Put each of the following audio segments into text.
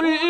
كل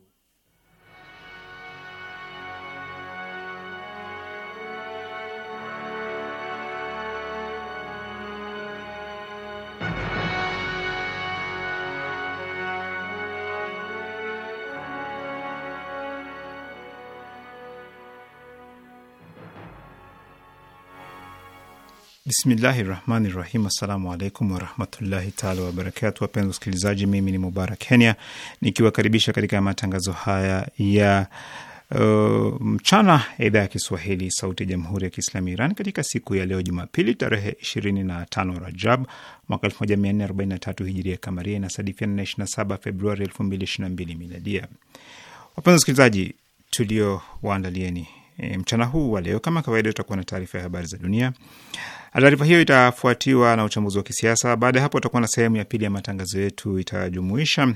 Bismillahi rahmani rahim. Assalamu alaikum warahmatullahi taala wabarakatu. Wapenzi wasikilizaji, mimi ni Mubarak Kenya nikiwakaribisha katika matangazo haya ya uh, mchana ya idhaa ya Kiswahili sauti ya jamhuri ya Kiislamu Iran katika siku ya leo Jumapili tarehe 25 Rajab mwaka 1443 hijiria kamaria inasadifiana na 27 Februari 2022 miladia. Wapenzi wasikilizaji, waandalieni e, mchana huu wa leo, kama kawaida, tutakuwa na taarifa ya habari za dunia. Taarifa hiyo itafuatiwa na uchambuzi wa kisiasa. Baada ya hapo, tutakuwa na sehemu ya pili ya matangazo yetu, itajumuisha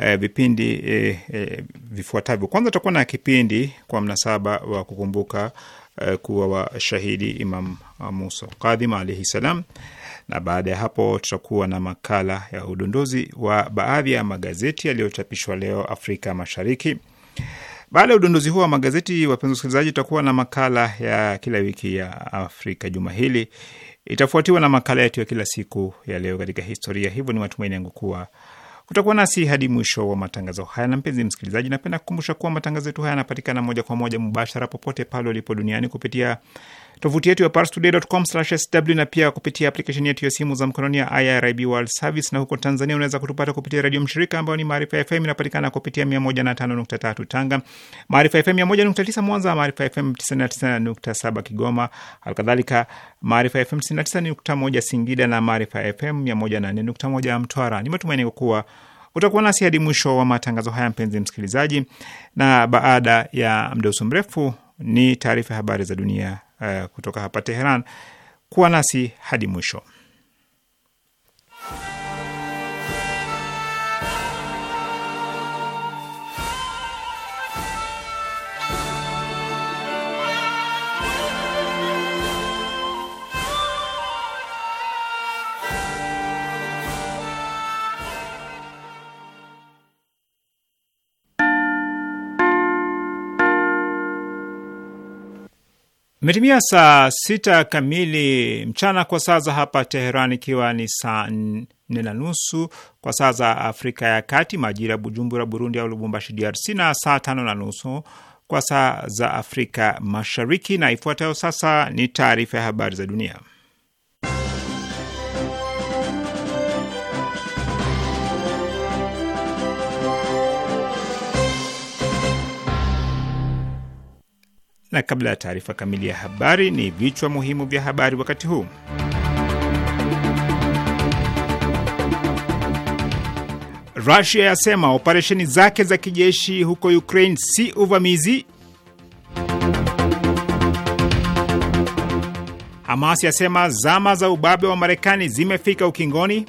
e, vipindi e, e, vifuatavyo. Kwanza tutakuwa na kipindi kwa mnasaba wa kukumbuka e, kuwa washahidi Imam Musa Kadhim alaihi salam, na baada ya hapo tutakuwa na makala ya udondozi wa baadhi ya magazeti yaliyochapishwa leo Afrika Mashariki baada ya udondozi huo wa magazeti, wapenzi wasikilizaji, tutakuwa na makala ya kila wiki ya Afrika juma hili, itafuatiwa na makala yetu ya kila siku ya leo katika historia. Hivyo ni matumaini yangu kuwa utakuwa nasi hadi mwisho wa matangazo haya. Na mpenzi msikilizaji, napenda kukumbusha kuwa matangazo yetu haya yanapatikana moja kwa moja mubashara popote pale ulipo duniani kupitia tovuti yetu ya parstoday.com/sw na pia kupitia aplikesheni yetu ya simu za mkononi ya IRIB World Service. Na huko Tanzania unaweza kutupata kupitia redio mshirika ambayo ni Maarifa FM, inapatikana kupitia 105.3 Tanga, Maarifa FM 101.9 Mwanza, Maarifa FM 99.7 Kigoma, halikadhalika Maarifa FM 99.1 Singida na Maarifa FM 108.1 Mtwara. Ni matumaini kuwa utakuwa nasi hadi mwisho wa matangazo haya, mpenzi msikilizaji, na baada ya mda mrefu ni taarifa ya habari za dunia Eh, kutoka hapa Teheran. Kuwa nasi hadi mwisho. Imetimia saa sita kamili mchana kwa saa za hapa Teheran, ikiwa ni saa nne na nusu kwa saa za Afrika ya Kati, majira ya Bujumbura, Burundi au Lubumbashi, DRC, na saa tano na nusu kwa saa za Afrika Mashariki. Na ifuatayo sasa ni taarifa ya habari za dunia. Na kabla ya taarifa kamili ya habari, ni vichwa muhimu vya habari wakati huu. Rusia yasema operesheni zake za kijeshi huko Ukraine si uvamizi. Hamas yasema zama za ubabe wa Marekani zimefika ukingoni.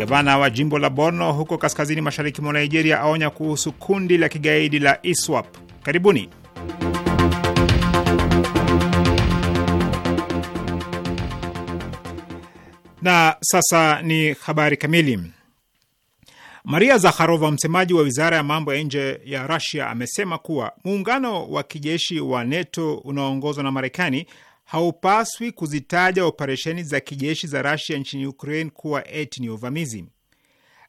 Gavana wa jimbo la Borno huko kaskazini mashariki mwa Nigeria aonya kuhusu kundi la kigaidi la ISWAP. Karibuni. Na sasa ni habari kamili. Maria Zakharova, msemaji wa wizara ya mambo ya nje ya Rusia, amesema kuwa muungano wa kijeshi wa NATO unaoongozwa na Marekani haupaswi kuzitaja operesheni za kijeshi za Rasia nchini Ukraine kuwa eti ni uvamizi.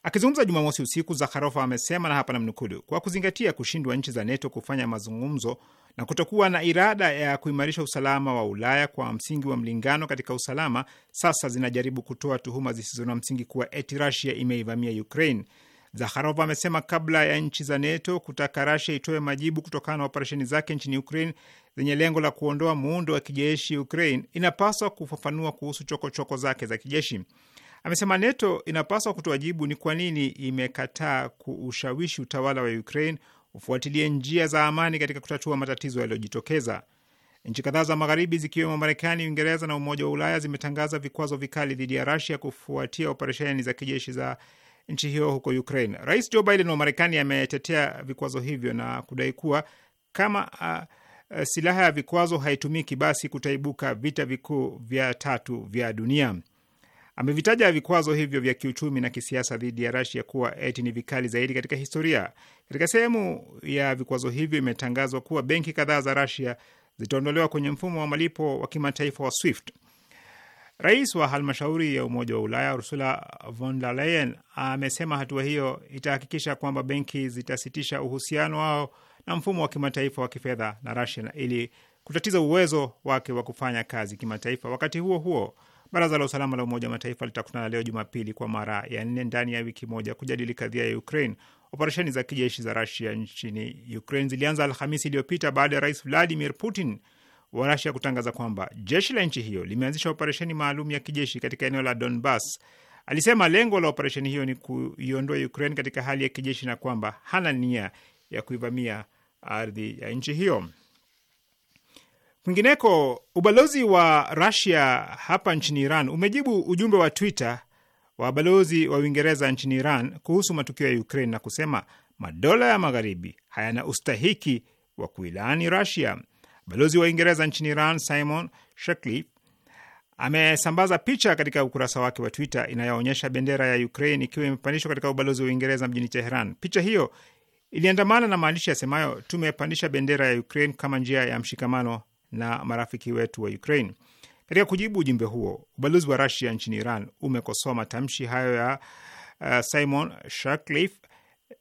Akizungumza Jumamosi usiku, Zakharov amesema na hapa namnukuu, kwa kuzingatia kushindwa nchi za NATO kufanya mazungumzo na kutokuwa na irada ya kuimarisha usalama wa Ulaya kwa msingi wa mlingano katika usalama, sasa zinajaribu kutoa tuhuma zisizo na msingi kuwa eti Rasia imeivamia Ukraine. Zakharova amesema kabla ya nchi za NATO kutaka Rasia itoe majibu kutokana na operesheni zake nchini Ukraine, zenye lengo la kuondoa muundo wa kijeshi Ukraine inapaswa kufafanua kuhusu chokochoko choko zake za kijeshi. Amesema NATO inapaswa kutoa jibu ni kwa nini imekataa kuushawishi utawala wa Ukraine ufuatilie njia za amani katika kutatua matatizo yaliyojitokeza. Nchi kadhaa za Magharibi zikiwemo Marekani, Uingereza na Umoja wa Ulaya zimetangaza vikwazo vikali dhidi ya Rusia kufuatia operesheni za kijeshi za nchi hiyo huko Ukraine. Rais Joe Biden wa Marekani ametetea vikwazo hivyo na kudai kuwa kama uh, Eh, silaha ya vikwazo haitumiki, basi kutaibuka vita vikuu vya tatu vya dunia. Amevitaja vikwazo hivyo vya kiuchumi na kisiasa dhidi ya Rasia kuwa eti ni vikali zaidi katika historia. Katika sehemu ya vikwazo hivyo imetangazwa kuwa benki kadhaa za Rasia zitaondolewa kwenye mfumo wa malipo wa kimataifa wa SWIFT. Rais wa halmashauri ya Umoja wa Ulaya Ursula von der Leyen amesema hatua hiyo itahakikisha kwamba benki zitasitisha uhusiano wao na mfumo wa kimataifa wa kifedha na Rusia ili kutatiza uwezo wake wa kufanya kazi kimataifa. Wakati huo huo, baraza la usalama la Umoja wa Mataifa litakutana leo Jumapili kwa mara ya nne ndani ya wiki moja kujadili kadhia ya Ukraine. Operesheni za kijeshi za Rusia nchini Ukraine zilianza Alhamisi iliyopita baada ya rais Vladimir Putin wa Rusia kutangaza kwamba jeshi la nchi hiyo limeanzisha operesheni maalum ya kijeshi katika eneo la Donbas. Alisema lengo la operesheni hiyo ni kuiondoa Ukraine katika hali ya kijeshi na kwamba hana nia ya kuivamia ardhi ya nchi hiyo. Kwingineko, ubalozi wa Rusia hapa nchini Iran umejibu ujumbe wa Twitter wa balozi wa Uingereza nchini Iran kuhusu matukio ya Ukraine na kusema madola ya magharibi hayana ustahiki wa kuilaani Rusia. Balozi wa Uingereza nchini Iran Simon Shekli amesambaza picha katika ukurasa wake wa Twitter inayoonyesha bendera ya Ukraine ikiwa imepandishwa katika ubalozi wa Uingereza mjini Teheran. Picha hiyo iliandamana na maandishi yasemayo tumepandisha bendera ya Ukraine kama njia ya mshikamano na marafiki wetu wa Ukraine. Katika kujibu ujumbe huo, ubalozi wa Rusia nchini Iran umekosoa matamshi hayo ya uh, Simon Sharkliff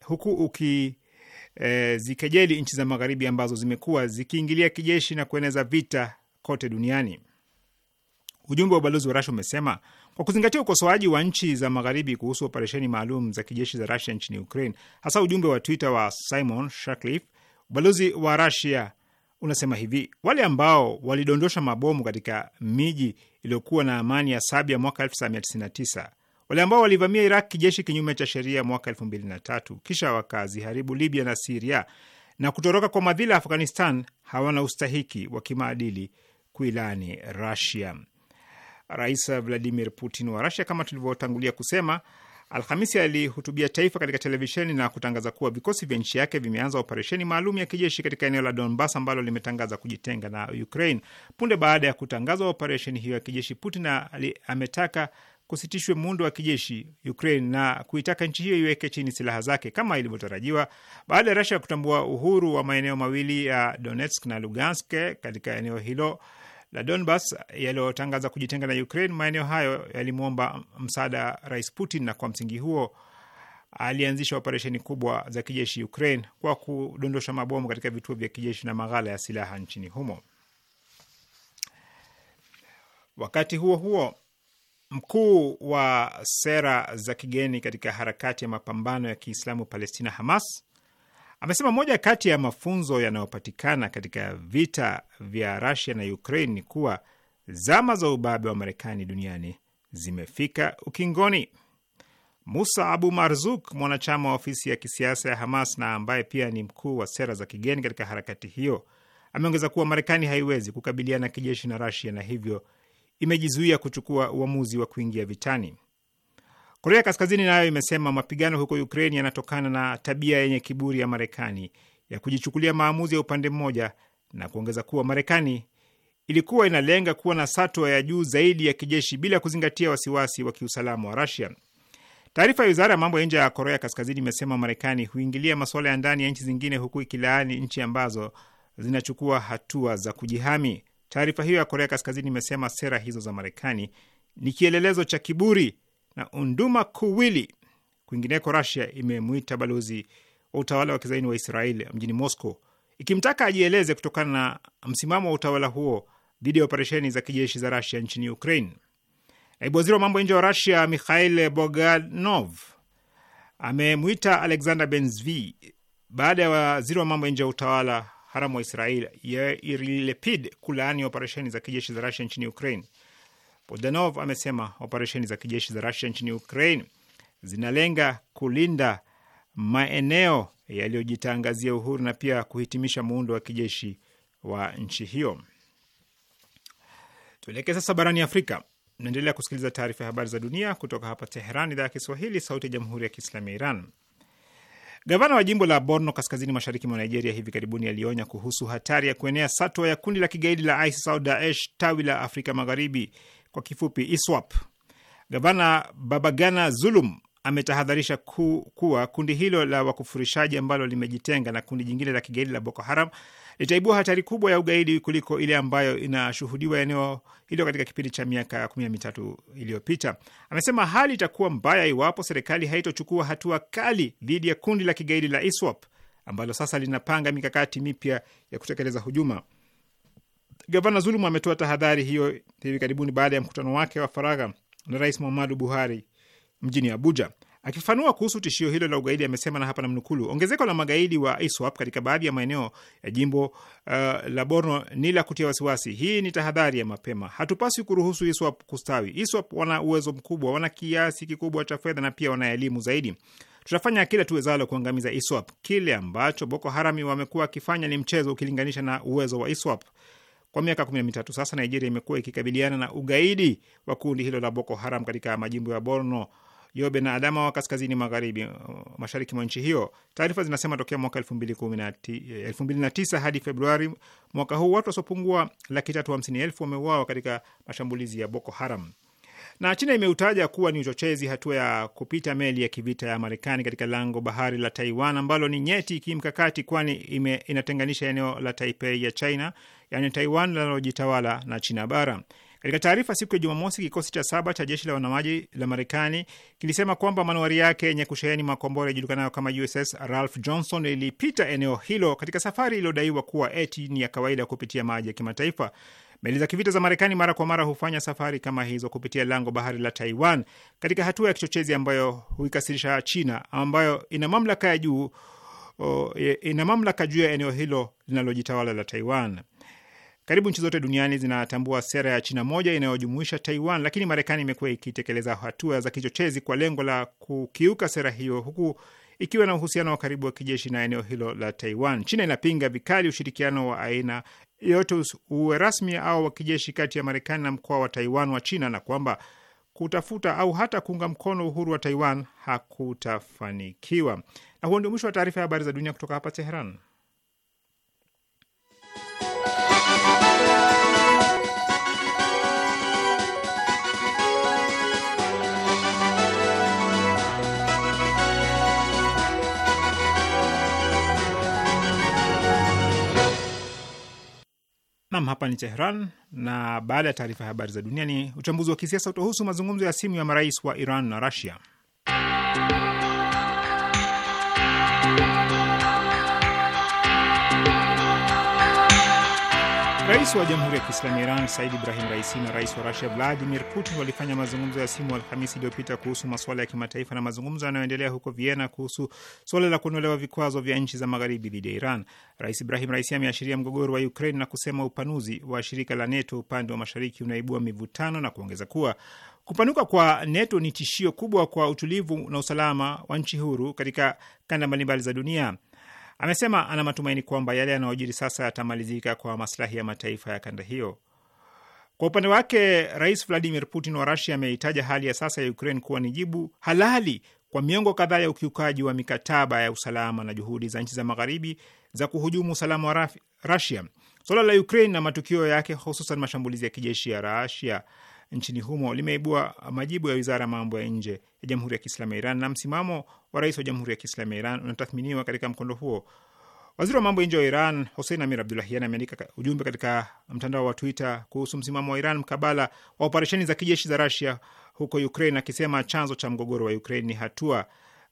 huku uki E, zikejeli nchi za magharibi ambazo zimekuwa zikiingilia kijeshi na kueneza vita kote duniani. Ujumbe wa ubalozi wa Rasha umesema kwa kuzingatia ukosoaji wa nchi za magharibi kuhusu operesheni maalum za kijeshi za Rusia nchini Ukraine, hasa ujumbe wa Twitter wa Simon Sharcliffe, ubalozi wa Rusia unasema hivi: wale ambao walidondosha mabomu katika miji iliyokuwa na amani ya Sabia mwaka 1999, wale ambao walivamia Iraq kijeshi kinyume cha sheria mwaka 2003, kisha wakaziharibu Libya na Siria na kutoroka kwa madhila Afghanistan, hawana ustahiki wa kimaadili kuilani Rusia. Rais Vladimir Putin wa Rasia, kama tulivyotangulia kusema, Alhamisi alihutubia taifa katika televisheni na kutangaza kuwa vikosi vya nchi yake vimeanza operesheni maalum ya kijeshi katika eneo la Donbas ambalo limetangaza kujitenga na Ukraine. Punde baada ya kutangazwa operesheni hiyo ya kijeshi, Putin ametaka kusitishwe muundo wa kijeshi Ukraine na kuitaka nchi hiyo iweke chini silaha zake kama ilivyotarajiwa baada ya Russia kutambua uhuru wa maeneo mawili ya Donetsk na Lugansk katika eneo hilo la Donbas yaliyotangaza kujitenga na Ukraine, maeneo hayo yalimwomba msaada Rais Putin, na kwa msingi huo alianzisha operesheni kubwa za kijeshi Ukraine kwa kudondosha mabomu katika vituo vya kijeshi na maghala ya silaha nchini humo. Wakati huo huo, mkuu wa sera za kigeni katika harakati ya mapambano ya Kiislamu Palestina, Hamas, Amesema moja kati ya mafunzo yanayopatikana katika vita vya Rusia na Ukraine ni kuwa zama za ubabe wa Marekani duniani zimefika ukingoni. Musa Abu Marzuk, mwanachama wa ofisi ya kisiasa ya Hamas na ambaye pia ni mkuu wa sera za kigeni katika harakati hiyo, ameongeza kuwa Marekani haiwezi kukabiliana kijeshi na Rusia na hivyo imejizuia kuchukua uamuzi wa kuingia vitani. Korea Kaskazini nayo imesema mapigano huko Ukraine yanatokana na tabia yenye kiburi ya Marekani ya kujichukulia maamuzi ya upande mmoja na kuongeza kuwa Marekani ilikuwa inalenga kuwa na satwa ya juu zaidi ya kijeshi bila kuzingatia wasiwasi wa kiusalama wa Rusia. Taarifa ya wizara ya mambo ya nje ya Korea Kaskazini imesema Marekani huingilia masuala ya ndani ya nchi zingine huku ikilaani nchi ambazo zinachukua hatua za kujihami. Taarifa hiyo ya Korea Kaskazini imesema sera hizo za Marekani ni kielelezo cha kiburi na unduma kuwili. Kwingineko, Rasia imemwita balozi wa utawala wa kizaini wa Israel mjini Moscow ikimtaka ajieleze kutokana na msimamo wa utawala huo dhidi ya operesheni za kijeshi za Rasia nchini Ukraine. Naibu waziri wa mambo ya nje wa Rasia Mikhail boganov amemwita Alexander Benzvi baada ya waziri wa mambo ya nje ya utawala haramu wa Israel Yair Lapid kulaani operesheni za kijeshi za Rasia nchini Ukraine. Bogdanov amesema operesheni za kijeshi za Rusia nchini Ukraine zinalenga kulinda maeneo yaliyojitangazia uhuru na pia kuhitimisha muundo wa kijeshi wa nchi hiyo. Tuelekee sasa barani Afrika. Naendelea kusikiliza taarifa ya habari za dunia kutoka hapa Teheran, idhaa ya Kiswahili, sauti ya jamhuri ya kiislamu ya Iran. Gavana wa jimbo la Borno kaskazini mashariki mwa Nigeria hivi karibuni alionya kuhusu hatari ya kuenea satwa ya kundi la kigaidi la ISIS au Daesh tawi la Afrika Magharibi kwa kifupi ISWAP. Gavana Babagana Zulum ametahadharisha ku, kuwa kundi hilo la wakufurishaji ambalo limejitenga na kundi jingine la kigaidi la Boko Haram litaibua hatari kubwa ya ugaidi kuliko ile ambayo inashuhudiwa eneo hilo katika kipindi cha miaka kumi na mitatu iliyopita. Amesema hali itakuwa mbaya iwapo serikali haitochukua hatua kali dhidi ya kundi la kigaidi la ISWAP ambalo sasa linapanga mikakati mipya ya kutekeleza hujuma. Gavana Zulum ametoa tahadhari hiyo hivi karibuni baada ya mkutano wake wa faragha na Rais Muhammadu Buhari mjini Abuja. Akifafanua kuhusu tishio hilo la ugaidi amesema, na hapa namnukulu, ongezeko la magaidi wa ISWAP katika baadhi ya maeneo ya jimbo uh, la Borno ni la kutia wasiwasi. Hii ni tahadhari ya mapema, hatupaswi kuruhusu ISWAP kustawi. ISWAP wana uwezo mkubwa, wana kiasi kikubwa cha fedha na pia wana elimu zaidi. Tutafanya kila tuwezalo kuangamiza ISWAP. Kile ambacho Boko Harami wamekuwa wakifanya ni mchezo ukilinganisha na uwezo wa ISWAP. Kwa miaka kumi na mitatu sasa, Nigeria imekuwa ikikabiliana na ugaidi wa kundi hilo la Boko Haram katika majimbo ya Borno, Yobe na Adama wa kaskazini magharibi, uh, mashariki mwa nchi hiyo. Taarifa zinasema tokea mwaka eh, elfu mbili na tisa hadi Februari mwaka huu watu wasiopungua laki tatu hamsini elfu wameuawa katika mashambulizi ya Boko Haram na China imeutaja kuwa ni uchochezi, hatua ya kupita meli ya kivita ya Marekani katika lango bahari la Taiwan ambalo ni nyeti kimkakati, kwani inatenganisha eneo la Taipei ya China, yani Taiwan, linalojitawala na China bara. Katika taarifa siku ya Jumamosi, kikosi cha saba cha jeshi la wanamaji la Marekani kilisema kwamba manuari yake yenye kusheheni makombora yajulikanayo kama USS Ralph Johnson ilipita eneo hilo katika safari iliyodaiwa kuwa eti ni ya kawaida kupitia maji ya kimataifa. Meli za kivita za Marekani mara kwa mara hufanya safari kama hizo kupitia lango bahari la Taiwan katika hatua ya kichochezi ambayo huikasirisha China ambayo ina mamlaka ya juu o, e, ina mamlaka juu ya eneo hilo linalojitawala la Taiwan. Karibu nchi zote duniani zinatambua sera ya China moja inayojumuisha Taiwan, lakini Marekani imekuwa ikitekeleza hatua za kichochezi kwa lengo la kukiuka sera hiyo huku ikiwa na uhusiano wa karibu wa kijeshi na eneo hilo la Taiwan. China inapinga vikali ushirikiano wa aina yoyote uwe rasmi au wa kijeshi kati ya Marekani na mkoa wa Taiwan wa China na kwamba kutafuta au hata kuunga mkono uhuru wa Taiwan hakutafanikiwa. Na huo ndio mwisho wa taarifa ya habari za dunia kutoka hapa Teheran. hapa ni Tehran, na baada ya taarifa ya habari za dunia ni uchambuzi wa kisiasa utahusu mazungumzo ya simu ya marais wa Iran na Rusia. Rais wa Jamhuri ya Kiislamu ya Iran Said Ibrahim Raisi na rais wa Rusia Vladimir Putin walifanya mazungumzo ya simu Alhamisi iliyopita kuhusu masuala ya kimataifa na mazungumzo yanayoendelea huko Vienna kuhusu suala la kuondolewa vikwazo vya nchi za magharibi dhidi ya Iran. Rais Ibrahim Raisi ameashiria mgogoro wa Ukraine na kusema upanuzi wa shirika la NATO upande wa mashariki unaibua mivutano na kuongeza kuwa kupanuka kwa NATO ni tishio kubwa kwa utulivu na usalama wa nchi huru katika kanda mbalimbali za dunia. Amesema ana matumaini kwamba yale yanayojiri sasa yatamalizika kwa maslahi ya mataifa ya kanda hiyo. Kwa upande wake, Rais Vladimir Putin wa Rusia ameitaja hali ya sasa ya Ukraine kuwa ni jibu halali kwa miongo kadhaa ya ukiukaji wa mikataba ya usalama na juhudi za nchi za magharibi za kuhujumu usalama wa Rusia. Suala la Ukraine na matukio yake, hususan mashambulizi ya kijeshi ya Rusia nchini humo limeibua majibu ya wizara ya mambo ya nje ya Jamhuri ya Kiislamu ya Iran, na msimamo wa rais wa Jamhuri ya Kiislamu ya Iran unatathminiwa katika mkondo huo. Waziri wa mambo ya nje wa Iran Hussein Amir Abdulahian ameandika ujumbe katika mtandao wa Twitter kuhusu msimamo wa Iran mkabala wa operesheni za kijeshi za Rusia huko Ukraine, akisema chanzo cha mgogoro wa Ukraine ni hatua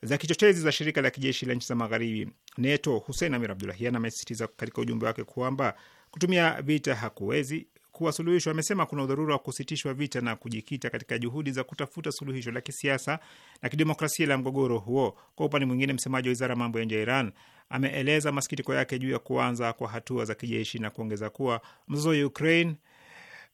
za kichochezi za shirika la kijeshi la nchi za magharibi NATO. Hussein Amir Abdulahian amesisitiza katika ujumbe wake kwamba kutumia vita hakuwezi kuwa suluhisho. Amesema kuna udharura wa kusitishwa vita na kujikita katika juhudi za kutafuta suluhisho la kisiasa na kidemokrasia la mgogoro huo. Kwa upande mwingine, msemaji wa wizara ya mambo ya nje ya Iran ameeleza masikitiko yake juu ya kuanza kwa hatua za kijeshi na kuongeza kuwa mzozo wa Ukraine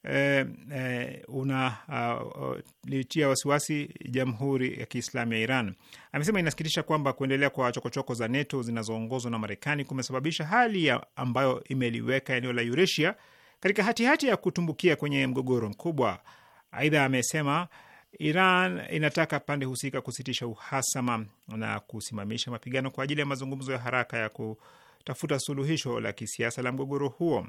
eh, eh, unalitia uh, wasiwasi Jamhuri ya Kiislamu ya Iran. Amesema inasikitisha kwamba kuendelea kwa chokochoko -choko za NATO zinazoongozwa na Marekani kumesababisha hali ya ambayo imeliweka eneo la Eurasia katika hatihati hati ya kutumbukia kwenye mgogoro mkubwa. Aidha, amesema Iran inataka pande husika kusitisha uhasama na kusimamisha mapigano kwa ajili ya mazungumzo ya haraka ya kutafuta suluhisho la kisiasa la mgogoro huo.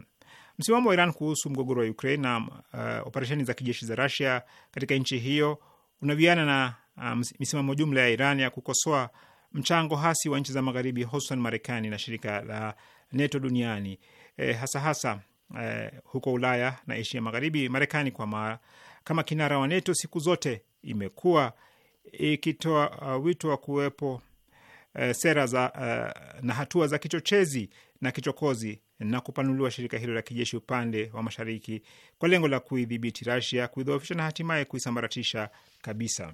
Msimamo wa Iran kuhusu mgogoro wa Ukraine na uh, operesheni za kijeshi za rasia katika nchi hiyo unaviana na uh, misimamo jumla ya Iran ya kukosoa mchango hasi wa nchi za Magharibi, hususan Marekani na shirika la NATO duniani, eh, hasa hasa eh, huko Ulaya na Asia Magharibi, Marekani kwa ma, kama kinara wa NATO siku zote imekuwa ikitoa uh, wito wa kuwepo uh, sera za uh, na hatua za kichochezi na kichokozi na kupanuliwa shirika hilo la kijeshi upande wa mashariki kwa lengo la kuidhibiti Rasia, kuidhoofisha na hatimaye kuisambaratisha kabisa.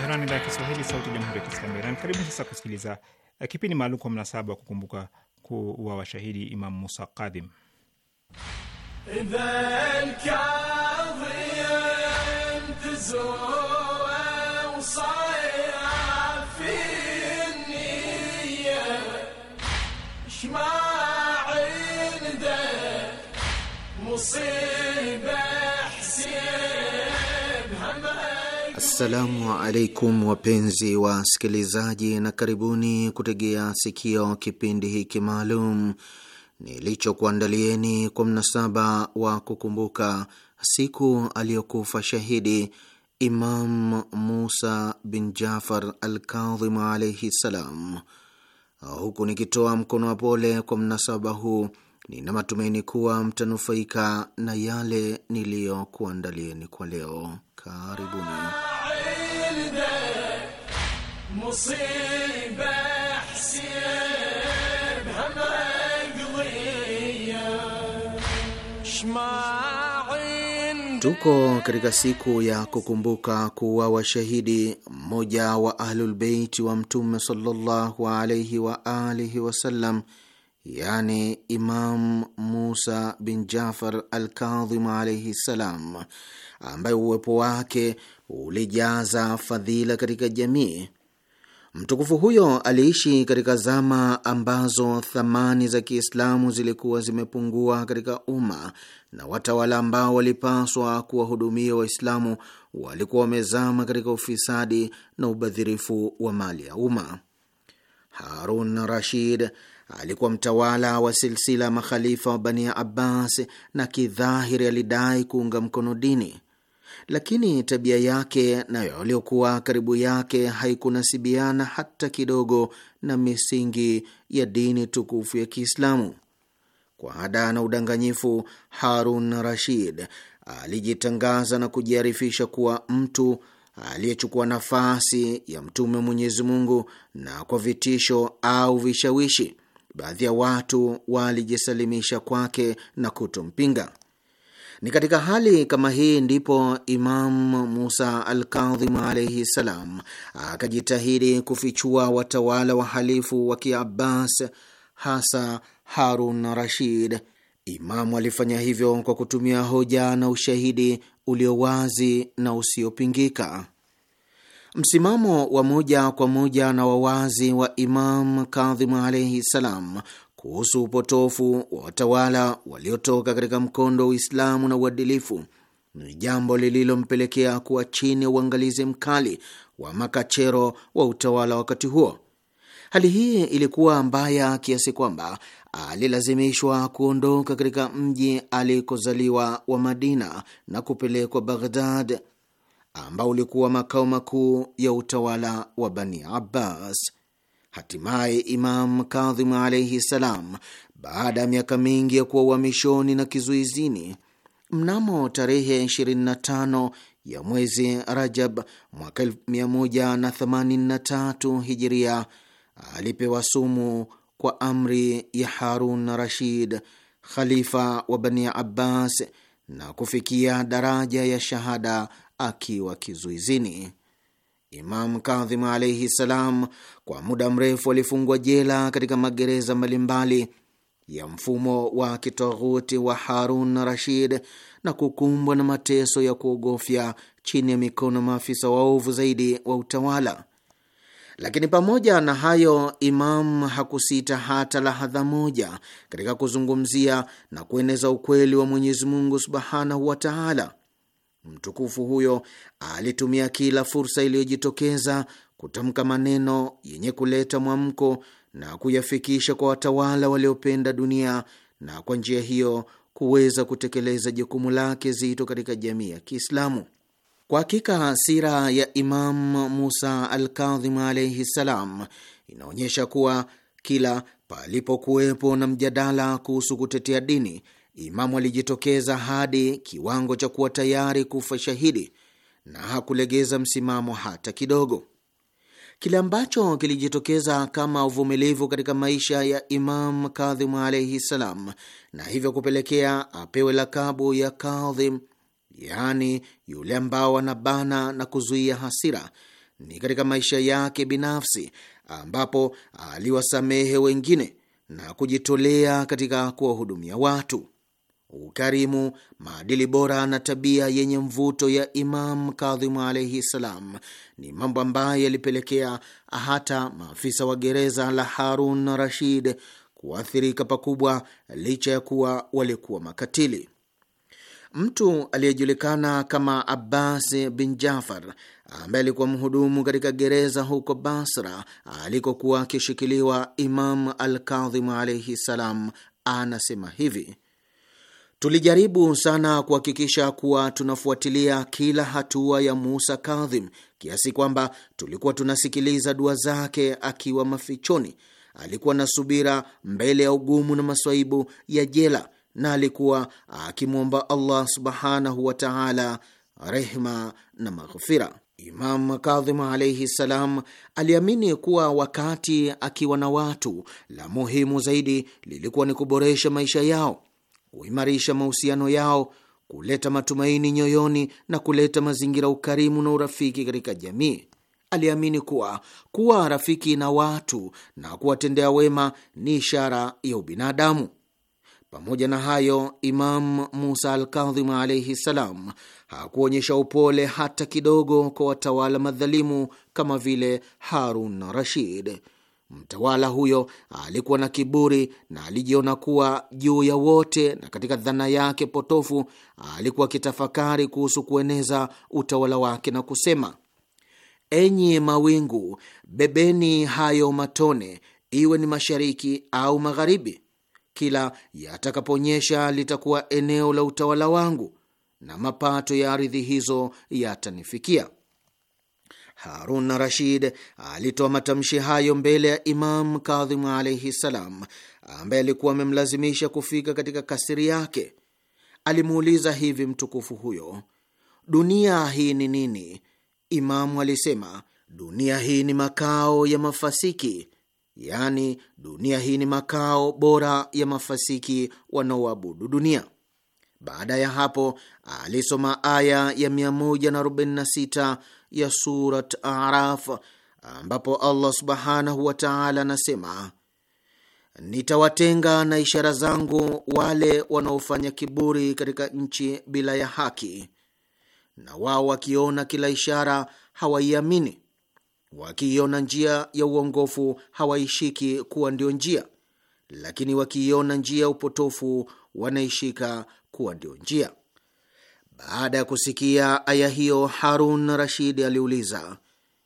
Teherani, idhaa ya Kiswahili, sauti ya jamhuri ya kiislamu Iran. Karibu sasa kusikiliza kipindi maalum kwa mnasaba wa kukumbuka kuwa washahidi Imam Musa Kadhim. ما Assalamu alaikum wapenzi wa wasikilizaji, na karibuni kutegea sikio kipindi hiki maalum nilichokuandalieni kwa mnasaba wa kukumbuka siku aliyokufa shahidi Imam Musa bin Jafar Kadhim alaihi ssalam. Huku nikitoa mkono wa pole kwa mnasaba huu, nina matumaini kuwa mtanufaika na yale niliyokuandalieni kwa leo. Karibuni. Tuko katika siku ya kukumbuka kuwa washahidi mmoja wa Ahlulbeiti wa Mtume sallallahu alaihi wa alihi wasallam, yani Imam Musa bin Jafar al Kadhim alaihi ssalam, ambaye uwepo wake ulijaza fadhila katika jamii. Mtukufu huyo aliishi katika zama ambazo thamani za Kiislamu zilikuwa zimepungua katika umma na watawala ambao walipaswa kuwahudumia Waislamu walikuwa wamezama katika ufisadi na ubadhirifu wa mali ya umma. Harun Rashid alikuwa mtawala wa silsila makhalifa wa Bani Abbas na kidhahiri alidai kuunga mkono dini lakini tabia yake nayo waliokuwa karibu yake haikunasibiana hata kidogo na misingi ya dini tukufu ya Kiislamu. Kwa ada na udanganyifu, Harun Rashid alijitangaza na kujiarifisha kuwa mtu aliyechukua nafasi ya Mtume wa Mwenyezi Mungu, na kwa vitisho au vishawishi, baadhi ya watu walijisalimisha kwake na kutompinga. Ni katika hali kama hii ndipo imam Musa Alkadhim alaihi ssalam akajitahidi kufichua watawala wahalifu wa Kiabbas, hasa Harun Rashid. Imamu alifanya hivyo kwa kutumia hoja na ushahidi ulio wazi na usiopingika. Msimamo wa moja kwa moja na wawazi wa Imam Kadhim alaihi ssalam kuhusu upotofu wa watawala waliotoka katika mkondo wa Uislamu na uadilifu ni jambo lililompelekea kuwa chini ya uangalizi mkali wa makachero wa utawala wakati huo. Hali hii ilikuwa mbaya kiasi kwamba alilazimishwa kuondoka katika mji alikozaliwa wa Madina na kupelekwa Baghdad, ambao ulikuwa makao makuu ya utawala wa Bani Abbas. Hatimaye Imam Kadhim alaihi ssalam baada ya miaka mingi ya kuwa uhamishoni na kizuizini, mnamo tarehe 25 ya mwezi Rajab mwaka 183 Hijiria alipewa sumu kwa amri ya Harun Rashid, khalifa wa Bani Abbas, na kufikia daraja ya shahada akiwa kizuizini. Imam Kadhim alaihi salam kwa muda mrefu alifungwa jela katika magereza mbalimbali ya mfumo wa kitoghuti wa Harun Rashid na kukumbwa na mateso ya kuogofya chini ya mikono maafisa waovu zaidi wa utawala. Lakini pamoja na hayo, Imam hakusita hata lahadha moja katika kuzungumzia na kueneza ukweli wa Mwenyezi Mungu subhanahu wa taala Mtukufu huyo alitumia kila fursa iliyojitokeza kutamka maneno yenye kuleta mwamko na kuyafikisha kwa watawala waliopenda dunia na kwa njia hiyo kuweza kutekeleza jukumu lake zito katika jamii ya Kiislamu. Kwa hakika sira ya Imam Musa Alkadhim alaihi ssalam inaonyesha kuwa kila palipokuwepo na mjadala kuhusu kutetea dini Imamu alijitokeza hadi kiwango cha kuwa tayari kufa shahidi na hakulegeza msimamo hata kidogo. Kile ambacho kilijitokeza kama uvumilivu katika maisha ya Imam Kadhimu alaihi ssalam, na hivyo kupelekea apewe lakabu ya Kadhim, yaani yule ambao anabana na kuzuia hasira, ni katika maisha yake binafsi ambapo aliwasamehe wengine na kujitolea katika kuwahudumia watu ukarimu, maadili bora na tabia yenye mvuto ya Imam Kadhimu alaihi ssalam ni mambo ambayo yalipelekea hata maafisa wa gereza la Harun Rashid kuathirika pakubwa, licha ya kuwa walikuwa makatili. Mtu aliyejulikana kama Abbas bin Jafar ambaye alikuwa mhudumu katika gereza huko Basra alikokuwa akishikiliwa Imam Alkadhimu alaihi ssalam anasema hivi: Tulijaribu sana kuhakikisha kuwa tunafuatilia kila hatua ya Musa Kadhim kiasi kwamba tulikuwa tunasikiliza dua zake akiwa mafichoni. Alikuwa na subira mbele ya ugumu na maswaibu ya jela, na alikuwa akimwomba Allah subhanahu wa taala rehma na maghfira. Imam Kadhim alaihi ssalam aliamini kuwa wakati akiwa na watu, la muhimu zaidi lilikuwa ni kuboresha maisha yao kuimarisha mahusiano yao, kuleta matumaini nyoyoni na kuleta mazingira ukarimu na urafiki katika jamii. Aliamini kuwa kuwa rafiki na watu na kuwatendea wema ni ishara ya ubinadamu. Pamoja na hayo, Imam Musa Alkadhim alaihi ssalam hakuonyesha upole hata kidogo kwa watawala madhalimu kama vile Harun Rashid. Mtawala huyo alikuwa na kiburi na alijiona kuwa juu ya wote, na katika dhana yake potofu alikuwa akitafakari kuhusu kueneza utawala wake na kusema: enyi mawingu, bebeni hayo matone, iwe ni mashariki au magharibi. Kila yatakaponyesha litakuwa eneo la utawala wangu, na mapato ya ardhi hizo yatanifikia. Harun Rashid alitoa matamshi hayo mbele ya Imam Kadhimu alaihi ssalam, ambaye alikuwa amemlazimisha kufika katika kasiri yake. Alimuuliza hivi mtukufu huyo, dunia hii ni nini? Imamu alisema, dunia hii ni makao ya mafasiki, yaani dunia hii ni makao bora ya mafasiki wanaoabudu dunia. Baada ya hapo alisoma aya ya 146 ya Surat Araf ambapo Allah subhanahu wa taala anasema, nitawatenga na ishara zangu wale wanaofanya kiburi katika nchi bila ya haki, na wao wakiona kila ishara hawaiamini, wakiiona njia ya uongofu hawaishiki kuwa ndio njia, lakini wakiiona njia ya upotofu wanaishika kuwa ndio njia. Baada ya kusikia aya hiyo, Harun Rashid aliuliza,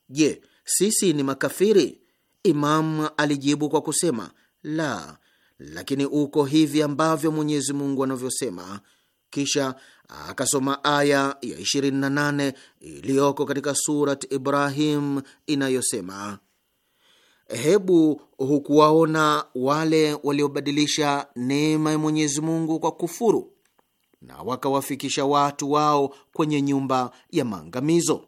je, sisi ni makafiri? Imam alijibu kwa kusema la, lakini uko hivi ambavyo Mwenyezi Mungu anavyosema. Kisha akasoma aya ya 28 iliyoko katika Surat Ibrahim inayosema, hebu hukuwaona wale waliobadilisha neema ya Mwenyezi Mungu kwa kufuru na wakawafikisha watu wao kwenye nyumba ya maangamizo.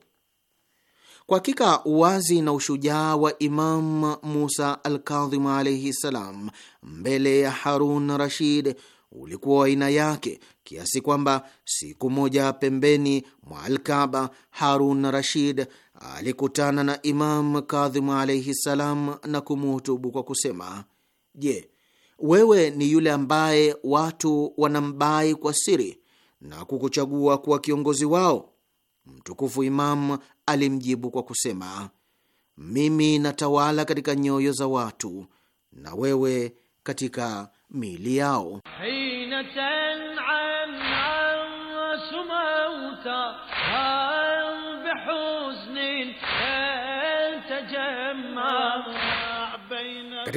Kwa hakika uwazi na ushujaa wa Imam Musa Alkadhimu alaihi ssalam mbele ya Harun Rashid ulikuwa aina yake kiasi kwamba siku moja pembeni mwa Alkaba, Harun Rashid alikutana na Imam Kadhimu alaihi ssalam na kumuhutubu kwa kusema: Je, wewe ni yule ambaye watu wanambai kwa siri na kukuchagua kuwa kiongozi wao. Mtukufu Imamu alimjibu kwa kusema, mimi natawala katika nyoyo za watu na wewe katika miili yao.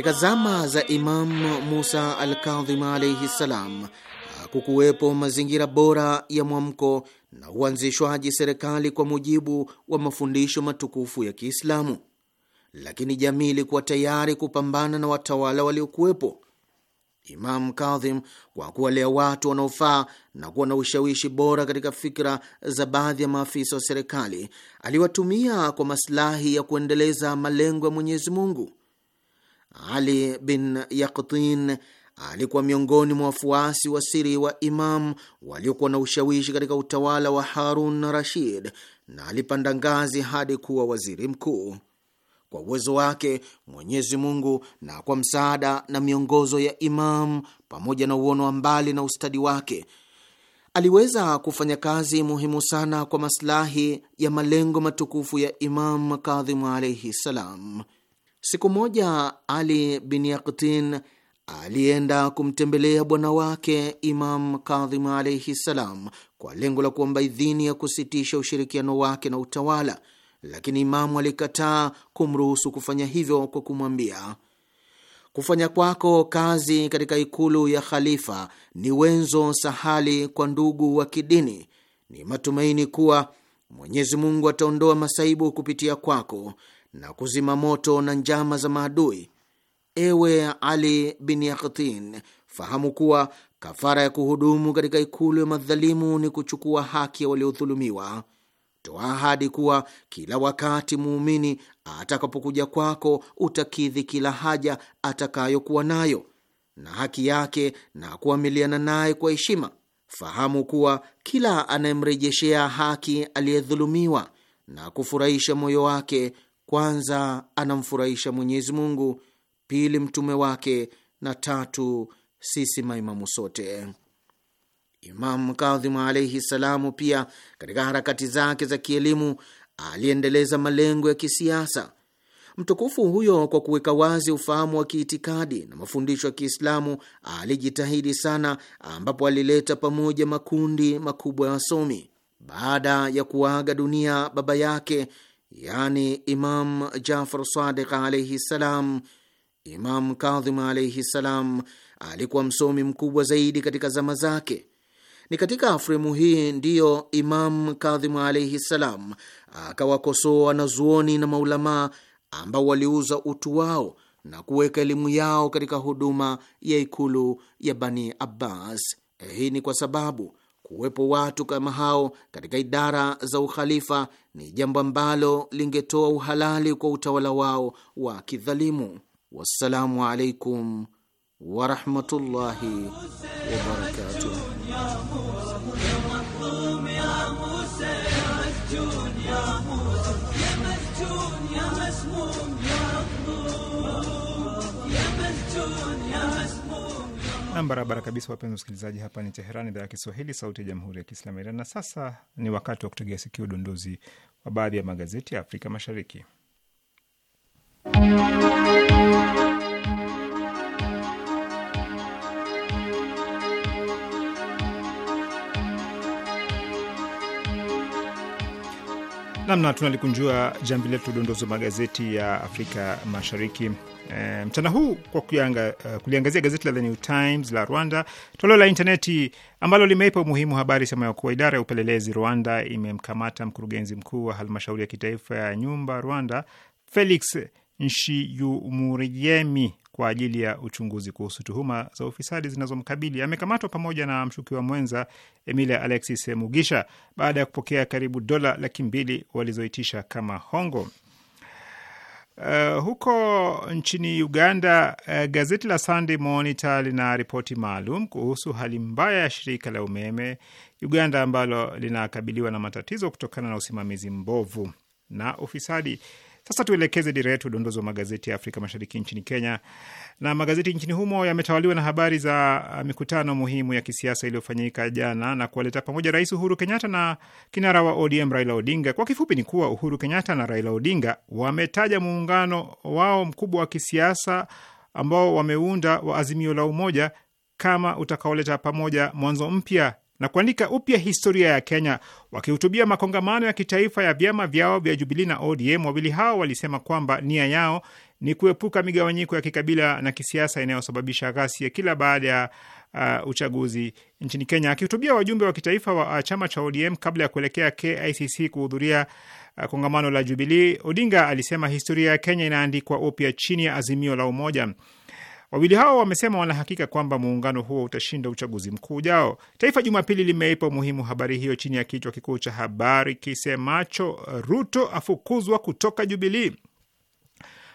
Katika zama za imam Musa Alkadhim alaihi ssalam, hakukuwepo mazingira bora ya mwamko na uanzishwaji serikali kwa mujibu wa mafundisho matukufu ya Kiislamu, lakini jamii ilikuwa tayari kupambana na watawala waliokuwepo. Imam Kadhim kwa kuwalea watu wanaofaa na kuwa na ushawishi bora katika fikra za baadhi ya maafisa wa serikali, aliwatumia kwa masilahi ya kuendeleza malengo ya Mwenyezi Mungu. Ali bin Yaqtin alikuwa miongoni mwa wafuasi wa siri wa Imam waliokuwa na ushawishi katika utawala wa Harun Rashid na alipanda ngazi hadi kuwa waziri mkuu. Kwa uwezo wake Mwenyezi Mungu na kwa msaada na miongozo ya Imam pamoja na uono wa mbali na ustadi wake aliweza kufanya kazi muhimu sana kwa masilahi ya malengo matukufu ya Imam Kadhimu alaihi salam. Siku moja Ali bin Yaktin alienda kumtembelea bwana wake Imam Kadhim alaihi ssalam kwa lengo la kuomba idhini ya kusitisha ushirikiano wake na utawala, lakini Imamu alikataa kumruhusu kufanya hivyo kwa kumwambia, kufanya kwako kazi katika ikulu ya khalifa ni wenzo sahali kwa ndugu wa kidini. Ni matumaini kuwa Mwenyezi Mungu ataondoa masaibu kupitia kwako na kuzima moto na njama za maadui. Ewe Ali bin Yaktin, fahamu kuwa kafara ya kuhudumu katika ikulu ya madhalimu ni kuchukua haki ya waliodhulumiwa. Toa ahadi kuwa kila wakati muumini atakapokuja kwako utakidhi kila haja atakayokuwa nayo na haki yake na kuamiliana naye kwa heshima. Fahamu kuwa kila anayemrejeshea haki aliyedhulumiwa na kufurahisha moyo wake kwanza anamfurahisha Mwenyezi Mungu, pili mtume wake, na tatu sisi maimamu sote. Imamu Kadhimu alaihi salamu pia katika harakati zake za kielimu aliendeleza malengo ya kisiasa mtukufu huyo kwa kuweka wazi ufahamu wa kiitikadi na mafundisho ya Kiislamu. Alijitahidi sana, ambapo alileta pamoja makundi makubwa ya wasomi. Baada ya kuaga dunia baba yake yani Imam Jafar Sadiq alaihi ssalam. Imam Kadhim alaihi ssalam alikuwa msomi mkubwa zaidi katika zama zake. Ni katika fremu hii ndiyo Imam Kadhim alaihi ssalam akawakosoa wanazuoni na maulamaa ambao waliuza utu wao na kuweka elimu yao katika huduma ya ikulu ya Bani Abbas. Hii ni kwa sababu Kuwepo watu kama hao katika idara za ukhalifa ni jambo ambalo lingetoa uhalali kwa utawala wao wa kidhalimu. Wassalamu alaikum warahmatullahi wabarakatuh. Barabara kabisa, wapenzi wasikilizaji, hapa ni Teheran, idhaa ya Kiswahili, sauti ya jamhuri ya kiislamu ya Iran. Na sasa ni wakati wa kutegea sikio udondozi wa baadhi ya magazeti ya Afrika Mashariki. namna tunalikunjua jambi letu dondozo magazeti ya Afrika Mashariki eh, mchana huu kwa kuyanga, uh, kuliangazia gazeti la The New Times la Rwanda toleo la intaneti ambalo limeipa umuhimu habari sema ya kuwa idara ya upelelezi Rwanda imemkamata mkurugenzi mkuu wa halmashauri ya kitaifa ya nyumba Rwanda Felix Nshiyumurigemi kwa ajili ya uchunguzi kuhusu tuhuma za ufisadi zinazomkabili. Amekamatwa pamoja na mshukiwa mwenza Emilia Alexis Mugisha baada ya kupokea karibu dola laki mbili walizoitisha kama hongo. Uh, huko nchini Uganda, uh, gazeti la Sunday Monitor lina ripoti maalum kuhusu hali mbaya ya shirika la umeme Uganda ambalo linakabiliwa na matatizo kutokana na usimamizi mbovu na ufisadi. Sasa tuelekeze dira yetu udondozi wa magazeti ya Afrika Mashariki nchini Kenya, na magazeti nchini humo yametawaliwa na habari za uh, mikutano muhimu ya kisiasa iliyofanyika jana na kuwaleta pamoja Rais Uhuru Kenyatta na kinara wa ODM Raila Odinga. Kwa kifupi ni kuwa Uhuru Kenyatta na Raila Odinga wametaja muungano wao mkubwa wa kisiasa ambao wameunda wa Azimio la Umoja kama utakaoleta pamoja mwanzo mpya na kuandika upya historia ya Kenya. Wakihutubia makongamano ya kitaifa ya vyama vyao vya Jubilee na ODM, wawili hao walisema kwamba nia yao ni kuepuka migawanyiko ya kikabila na kisiasa inayosababisha ghasia kila baada ya uh, uchaguzi nchini Kenya. Akihutubia wajumbe wa kitaifa wa uh, chama cha ODM kabla ya kuelekea KICC kuhudhuria uh, kongamano la jubilii Odinga alisema historia ya Kenya inaandikwa upya chini ya azimio la umoja. Wawili hao wamesema wanahakika kwamba muungano huo utashinda uchaguzi mkuu ujao. Taifa Jumapili limeipa umuhimu habari hiyo chini ya kichwa kikuu cha habari kisemacho Ruto afukuzwa kutoka Jubilii.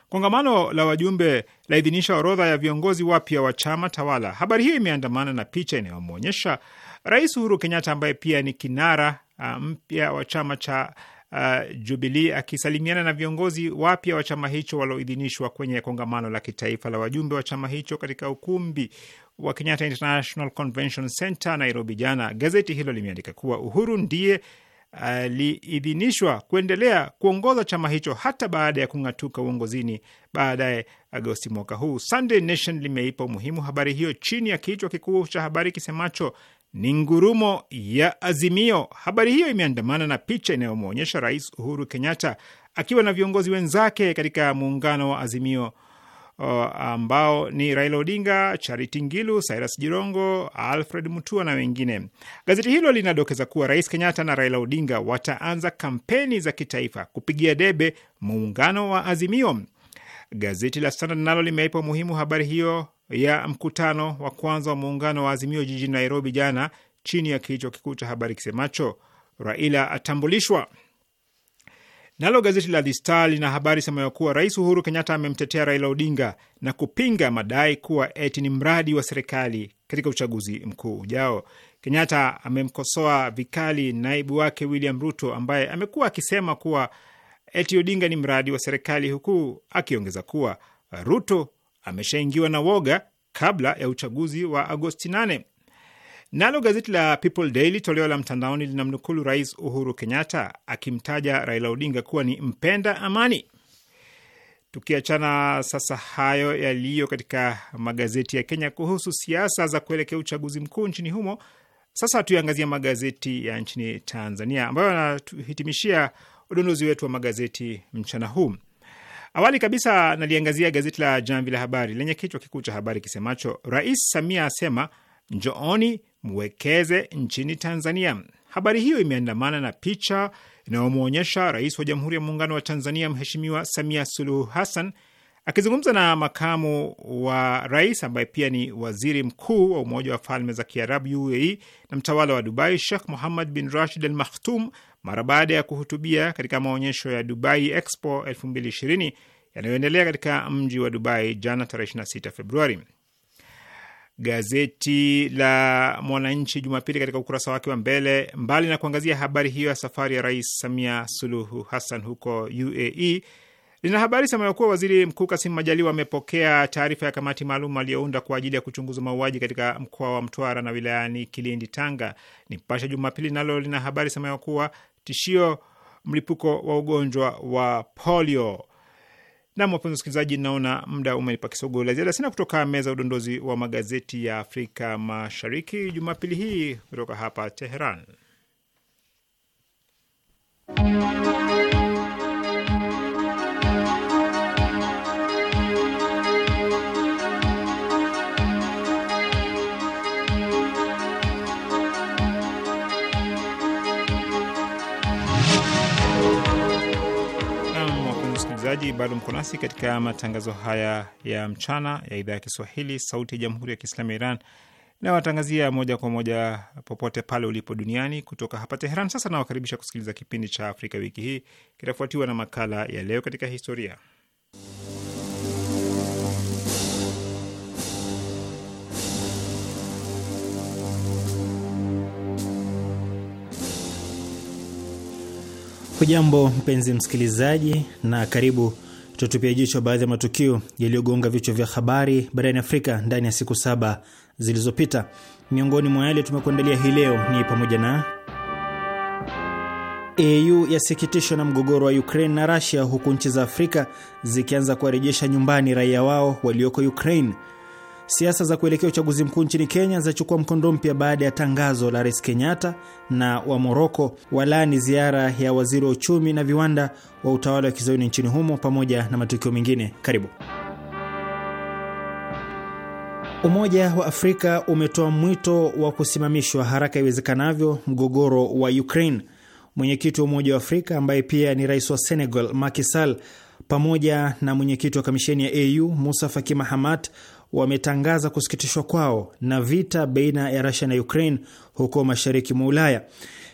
Kongamano la wajumbe laidhinisha orodha ya viongozi wapya wa chama tawala. Habari hiyo imeandamana na picha inayomwonyesha Rais Uhuru Kenyatta ambaye pia ni kinara uh, mpya wa chama cha uh, Jubilii akisalimiana na viongozi wapya wa chama hicho walioidhinishwa kwenye kongamano la kitaifa la wajumbe wa chama hicho katika ukumbi wa Kenyatta International Convention Center Nairobi jana. Gazeti hilo limeandika kuwa Uhuru ndiye aliidhinishwa kuendelea kuongoza chama hicho hata baada ya kung'atuka uongozini baadaye Agosti mwaka huu. Sunday Nation limeipa umuhimu habari hiyo chini ya kichwa kikuu cha habari kisemacho ni ngurumo ya Azimio. Habari hiyo imeandamana na picha inayomwonyesha Rais Uhuru Kenyatta akiwa na viongozi wenzake katika muungano wa Azimio o, uh, ambao ni Raila Odinga, Charity Ngilu, Cyrus Jirongo, Alfred Mutua na wengine. Gazeti hilo linadokeza kuwa Rais Kenyatta na Raila Odinga wataanza kampeni za kitaifa kupigia debe muungano wa Azimio. Gazeti la Standard nalo limeipa umuhimu habari hiyo ya mkutano wa kwanza wa muungano wa Azimio jijini Nairobi jana chini ya kichwa kikuu cha habari kisemacho Raila atambulishwa. Nalo gazeti la The Star lina habari semayo kuwa Rais Uhuru Kenyatta amemtetea Raila Odinga na kupinga madai kuwa eti ni mradi wa serikali katika uchaguzi mkuu ujao. Kenyatta amemkosoa vikali naibu wake William Ruto ambaye amekuwa akisema kuwa eti Odinga ni mradi wa serikali, huku akiongeza kuwa Ruto ameshaingiwa na woga kabla ya uchaguzi wa Agosti 8. Nalo gazeti la People Daily toleo la mtandaoni linamnukulu Rais Uhuru Kenyatta akimtaja Raila Odinga kuwa ni mpenda amani. Tukiachana sasa hayo yaliyo katika magazeti ya Kenya kuhusu siasa za kuelekea uchaguzi mkuu nchini humo, sasa tuyangazia magazeti ya nchini Tanzania ambayo anatuhitimishia udondozi wetu wa magazeti mchana huu. Awali kabisa naliangazia gazeti la Jamvi la Habari lenye kichwa kikuu cha habari kisemacho Rais Samia asema njooni mwekeze nchini Tanzania. Habari hiyo imeandamana na picha inayomwonyesha rais wa Jamhuri ya Muungano wa Tanzania Mheshimiwa Samia Suluhu Hassan Akizungumza na makamu wa rais ambaye pia ni waziri mkuu wa Umoja wa Falme za Kiarabu UAE na mtawala wa Dubai, Sheikh Muhammad bin Rashid Al Maktoum mara baada ya kuhutubia katika maonyesho ya Dubai Expo 2020 yanayoendelea katika mji wa Dubai jana tarehe 26 Februari. Gazeti la Mwananchi Jumapili katika ukurasa wake wa mbele, mbali na kuangazia habari hiyo ya safari ya Rais Samia Suluhu Hassan huko UAE, Lina habari sema kuwa waziri mkuu Kasim Majaliwa amepokea taarifa ya kamati maalum aliyounda kwa ajili ya kuchunguza mauaji katika mkoa wa Mtwara na wilayani Kilindi, Tanga. pasha Jumapili nalo lina habari sema kuwa tishio mlipuko wa ugonjwa wa polio. Nam, wapenzi wasikilizaji, naona muda umenipa kisogo. La ziada sina kutoka meza udondozi wa magazeti ya Afrika Mashariki Jumapili hii kutoka hapa Teheran. msikilizaji, bado mko nasi katika matangazo haya ya mchana ya idhaa ya Kiswahili, Sauti ya Jamhuri ya Kiislamu ya Iran inayowatangazia moja kwa moja popote pale ulipo duniani kutoka hapa Teheran. Sasa nawakaribisha kusikiliza kipindi cha Afrika wiki hii, kitafuatiwa na makala ya Leo katika Historia. Hujambo mpenzi msikilizaji, na karibu tutupia jicho baadhi ya matukio yaliyogonga vichwa vya habari barani Afrika ndani ya siku saba zilizopita. Miongoni mwa yale tumekuandalia hii leo ni pamoja na AU yasikitishwa na mgogoro wa Ukraine na rasia huku nchi za Afrika zikianza kuwarejesha nyumbani raia wao walioko Ukraine. Siasa za kuelekea uchaguzi mkuu nchini Kenya zachukua mkondo mpya baada ya tangazo la Rais Kenyatta na wa Moroko walaani ziara ya waziri wa uchumi na viwanda wa utawala wa kizayuni nchini humo pamoja na matukio mengine. Karibu. Umoja wa Afrika umetoa mwito wa kusimamishwa haraka iwezekanavyo mgogoro wa Ukraine. Mwenyekiti wa Umoja wa Afrika ambaye pia ni rais wa Senegal Macky Sall pamoja na mwenyekiti wa kamisheni ya AU Musa Faki Mahamat wametangaza kusikitishwa kwao na vita baina ya rasia na Ukraine huko mashariki mwa Ulaya.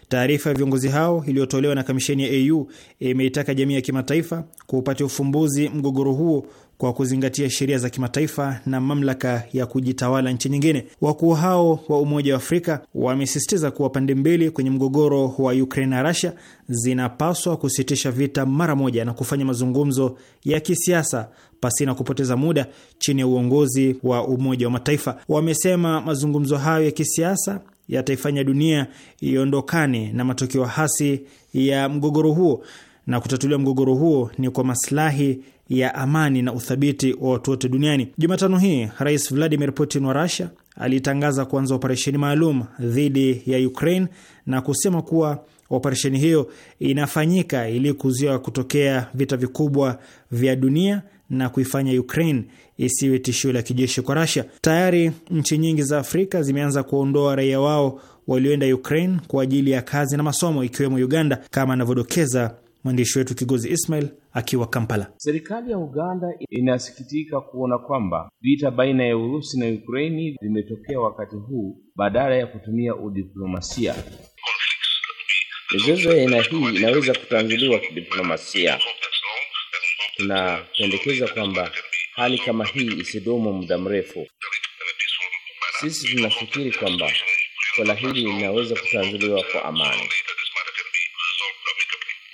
Taarifa ya viongozi hao iliyotolewa na kamisheni ya AU imeitaka jamii ya kimataifa kuupatia ufumbuzi mgogoro huo kwa kuzingatia sheria za kimataifa na mamlaka ya kujitawala nchi nyingine. Wakuu hao wa Umoja wa Afrika wamesisitiza kuwa pande mbili kwenye mgogoro wa Ukraine na Russia zinapaswa kusitisha vita mara moja na kufanya mazungumzo ya kisiasa pasina kupoteza muda chini ya uongozi wa Umoja wa Mataifa. Wamesema mazungumzo hayo ya kisiasa yataifanya dunia iondokane na matokeo hasi ya mgogoro huo, na kutatuliwa mgogoro huo ni kwa maslahi ya amani na uthabiti wa watu wote duniani. Jumatano hii Rais Vladimir Putin wa Russia alitangaza kuanza operesheni maalum dhidi ya Ukraine na kusema kuwa operesheni hiyo inafanyika ili kuzuia kutokea vita vikubwa vya dunia na kuifanya Ukraine isiwe tishio la kijeshi kwa Russia. Tayari nchi nyingi za Afrika zimeanza kuondoa raia wao walioenda Ukraine kwa ajili ya kazi na masomo ikiwemo Uganda, kama anavyodokeza mwandishi wetu Kigozi Ismail akiwa Kampala. Serikali ya Uganda inasikitika kuona kwamba vita baina ya Urusi na Ukraini vimetokea wakati huu badala ya kutumia udiplomasia. Mizozo ya aina hii inaweza kutanzuliwa kidiplomasia tunapendekeza kwamba hali kama hii isidumu muda mrefu. Sisi tunafikiri kwamba swala hili linaweza kutanzuliwa kwa amani.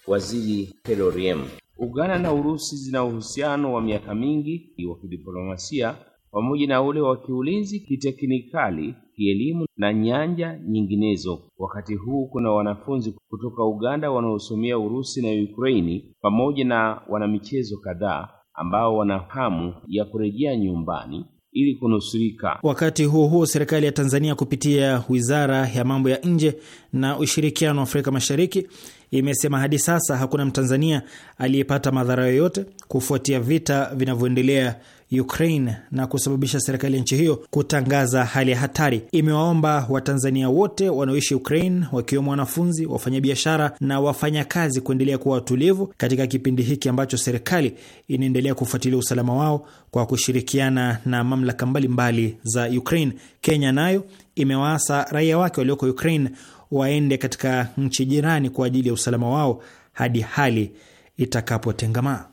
Waziri Peloriem. Uganda na Urusi zina uhusiano wa miaka mingi wa kidiplomasia pamoja na ule wa kiulinzi, kiteknikali, kielimu na nyanja nyinginezo. Wakati huu kuna wanafunzi kutoka Uganda wanaosomea Urusi na Ukraini pamoja na wanamichezo kadhaa ambao wana hamu ya kurejea nyumbani ili kunusurika. Wakati huo huo, serikali ya Tanzania kupitia Wizara ya Mambo ya Nje na Ushirikiano wa Afrika Mashariki imesema hadi sasa hakuna Mtanzania aliyepata madhara yoyote kufuatia vita vinavyoendelea Ukraine na kusababisha serikali ya nchi hiyo kutangaza hali ya hatari. Imewaomba Watanzania wote wanaoishi Ukraine, wakiwemo wanafunzi, wafanyabiashara na wafanyakazi, kuendelea kuwa watulivu katika kipindi hiki ambacho serikali inaendelea kufuatilia usalama wao kwa kushirikiana na mamlaka mbalimbali za Ukraine. Kenya nayo imewaasa raia wake walioko Ukraine waende katika nchi jirani kwa ajili ya usalama wao hadi hali itakapotengamaa.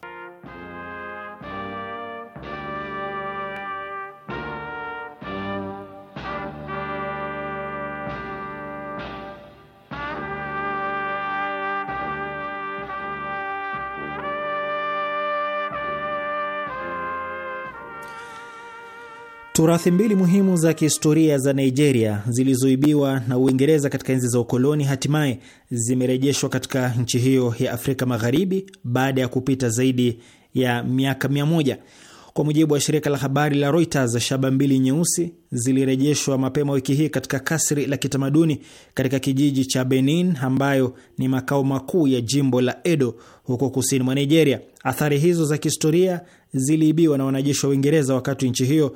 Turathi mbili muhimu za kihistoria za Nigeria zilizoibiwa na Uingereza katika enzi za ukoloni hatimaye zimerejeshwa katika nchi hiyo ya Afrika Magharibi baada ya kupita zaidi ya miaka mia moja. Kwa mujibu wa shirika la habari la Reuters, shaba mbili nyeusi zilirejeshwa mapema wiki hii katika kasri la kitamaduni katika kijiji cha Benin ambayo ni makao makuu ya jimbo la Edo huko kusini mwa Nigeria. Athari hizo za kihistoria ziliibiwa na wanajeshi wa Uingereza wakati nchi hiyo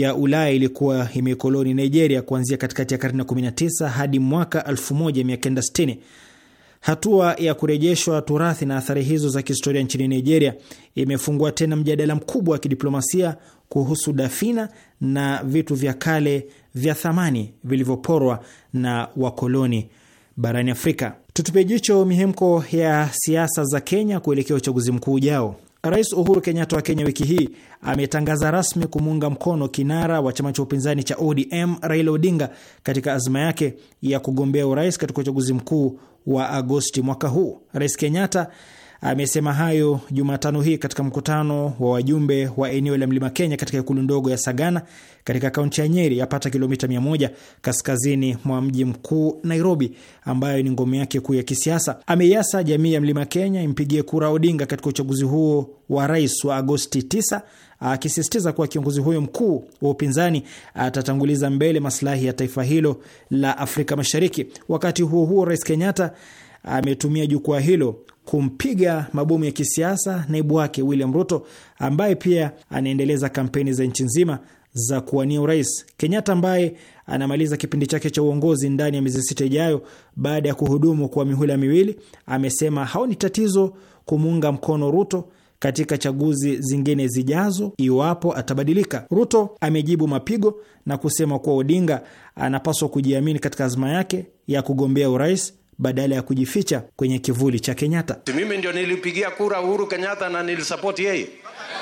ya Ulaya ilikuwa imekoloni Nigeria kuanzia katikati ya karne 19 hadi mwaka 1960. Hatua ya kurejeshwa turathi na athari hizo za kihistoria nchini Nigeria imefungua tena mjadala mkubwa wa kidiplomasia kuhusu dafina na vitu vya kale vya thamani vilivyoporwa na wakoloni barani Afrika. tutupe jicho mihemko ya siasa za Kenya kuelekea uchaguzi mkuu ujao. Rais Uhuru Kenyatta wa Kenya wiki hii ametangaza rasmi kumuunga mkono kinara wa chama cha upinzani cha ODM Raila Odinga katika azma yake ya kugombea urais katika uchaguzi mkuu wa Agosti mwaka huu. Rais Kenyatta Amesema hayo Jumatano hii katika mkutano wa wajumbe wa eneo la mlima Kenya katika ikulu ndogo ya Sagana katika kaunti ya Nyeri, yapata kilomita 1 kaskazini mwa mji mkuu Nairobi, ambayo ni ngome yake kuu ya kisiasa. Ameiasa jamii ya mlima Kenya impigie kura Odinga katika uchaguzi huo wa rais wa Agosti 9, akisisitiza kuwa kiongozi huyo mkuu wa upinzani atatanguliza mbele masilahi ya taifa hilo la Afrika Mashariki. Wakati huo huo, Rais Kenyatta ametumia jukwaa hilo kumpiga mabomu ya kisiasa naibu wake William Ruto ambaye pia anaendeleza kampeni za nchi nzima za kuwania urais. Kenyatta ambaye anamaliza kipindi chake cha uongozi ndani ya miezi sita ijayo baada ya kuhudumu kwa mihula miwili, amesema haoni tatizo kumuunga mkono Ruto katika chaguzi zingine zijazo iwapo atabadilika. Ruto amejibu mapigo na kusema kuwa Odinga anapaswa kujiamini katika azma yake ya kugombea urais badala ya kujificha kwenye kivuli cha Kenyatta. Mimi ndio nilipigia kura Uhuru Kenyatta na nilisapoti yeye,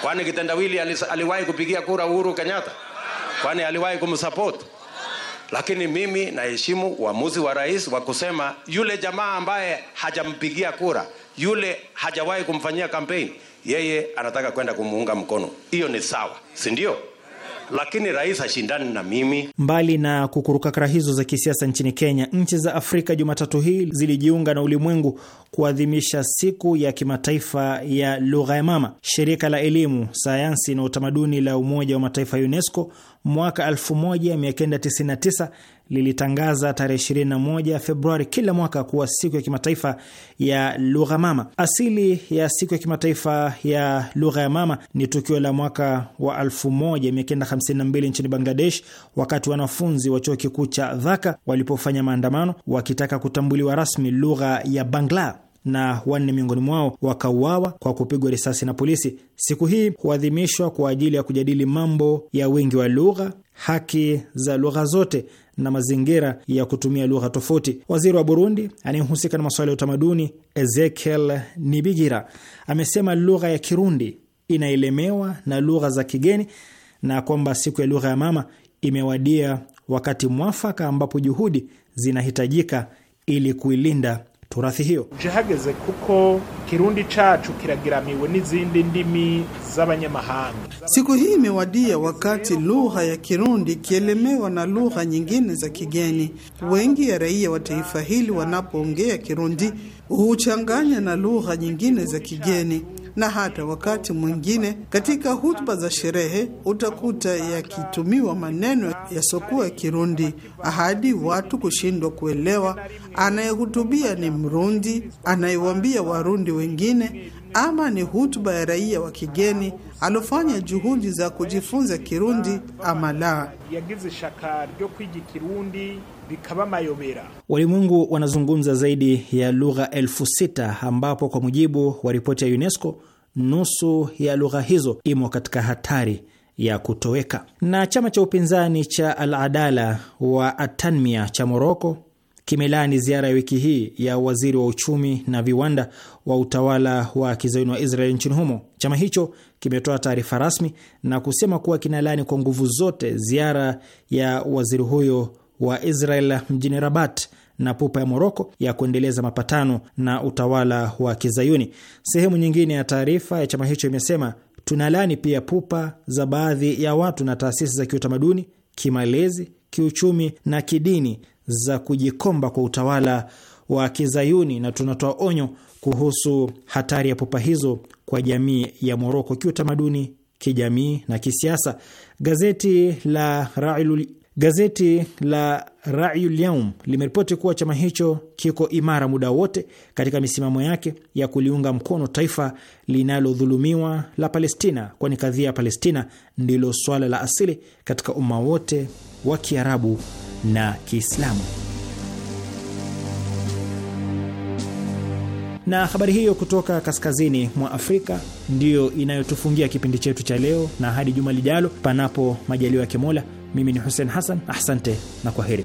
kwani kitendawili aliwahi kupigia kura Uhuru Kenyatta? Kwani aliwahi kumsapoti? Lakini mimi naheshimu uamuzi wa rais wa kusema yule jamaa ambaye hajampigia kura, yule hajawahi kumfanyia kampeni, yeye anataka kwenda kumuunga mkono. Hiyo ni sawa, si ndio? lakini rais hashindani na mimi. Mbali na kukurukakara hizo za kisiasa nchini Kenya, nchi za Afrika Jumatatu hii zilijiunga na ulimwengu kuadhimisha siku ya kimataifa ya lugha ya mama. Shirika la elimu, sayansi na utamaduni la Umoja wa Mataifa, UNESCO mwaka 1999 lilitangaza tarehe 21 Februari kila mwaka kuwa siku ya kimataifa ya lugha mama. Asili ya siku ya kimataifa ya lugha ya mama ni tukio la mwaka wa 1952 nchini Bangladesh, wakati wanafunzi wa chuo kikuu cha Dhaka walipofanya maandamano wakitaka kutambuliwa rasmi lugha ya Bangla na wanne miongoni mwao wakauawa kwa kupigwa risasi na polisi. Siku hii huadhimishwa kwa ajili ya kujadili mambo ya wingi wa lugha, haki za lugha zote na mazingira ya kutumia lugha tofauti. Waziri wa Burundi anayehusika na masuala ya utamaduni Ezekiel Nibigira amesema lugha ya Kirundi inaelemewa na lugha za kigeni na kwamba siku ya lugha ya mama imewadia wakati mwafaka ambapo juhudi zinahitajika ili kuilinda turathi hiyo jehageze kuko kirundi chachu kiragiramiwe n'izindi ndimi z'abanyamahanga. Siku hii imewadia wakati lugha ya Kirundi kielemewa na lugha nyingine za kigeni. Wengi ya raia wa taifa hili wanapoongea Kirundi huchanganya na lugha nyingine za kigeni na hata wakati mwingine katika hutuba za sherehe utakuta yakitumiwa maneno yasiokuwa ya Kirundi ahadi watu kushindwa kuelewa. Anayehutubia ni Mrundi, anayewambia Warundi wengine ama ni hutuba ya raia wa kigeni alofanya juhudi za kujifunza Kirundi ama la. yagize shaka ryo kwiga Kirundi bikaba mayobera. Walimwengu wanazungumza zaidi ya lugha elfu sita ambapo kwa mujibu wa ripoti ya UNESCO nusu ya lugha hizo imo katika hatari ya kutoweka. Na chama cha upinzani cha Al Adala wa Atanmia cha Moroko kimelaani ziara ya wiki hii ya waziri wa uchumi na viwanda wa utawala wa kizayuni wa Israel nchini humo. Chama hicho kimetoa taarifa rasmi na kusema kuwa kinalaani kwa nguvu zote ziara ya waziri huyo wa Israel mjini Rabat na pupa ya Moroko ya kuendeleza mapatano na utawala wa kizayuni. Sehemu nyingine ya taarifa ya chama hicho imesema, tunalaani pia pupa za baadhi ya watu na taasisi za kiutamaduni, kimalezi, kiuchumi na kidini za kujikomba kwa utawala wa kizayuni na tunatoa onyo kuhusu hatari ya pupa hizo kwa jamii ya Moroko kiutamaduni, kijamii na kisiasa. Gazeti la Railul Gazeti la Rayul Yaum limeripoti kuwa chama hicho kiko imara muda wote katika misimamo yake ya kuliunga mkono taifa linalodhulumiwa la Palestina, kwani kadhia ya Palestina ndilo swala la asili katika umma wote wa Kiarabu na Kiislamu. Na habari hiyo kutoka kaskazini mwa Afrika ndiyo inayotufungia kipindi chetu cha leo, na hadi juma lijalo, panapo majaliwa ya Mola. Mimi ni Hussein Hassan, asante na kwaheri.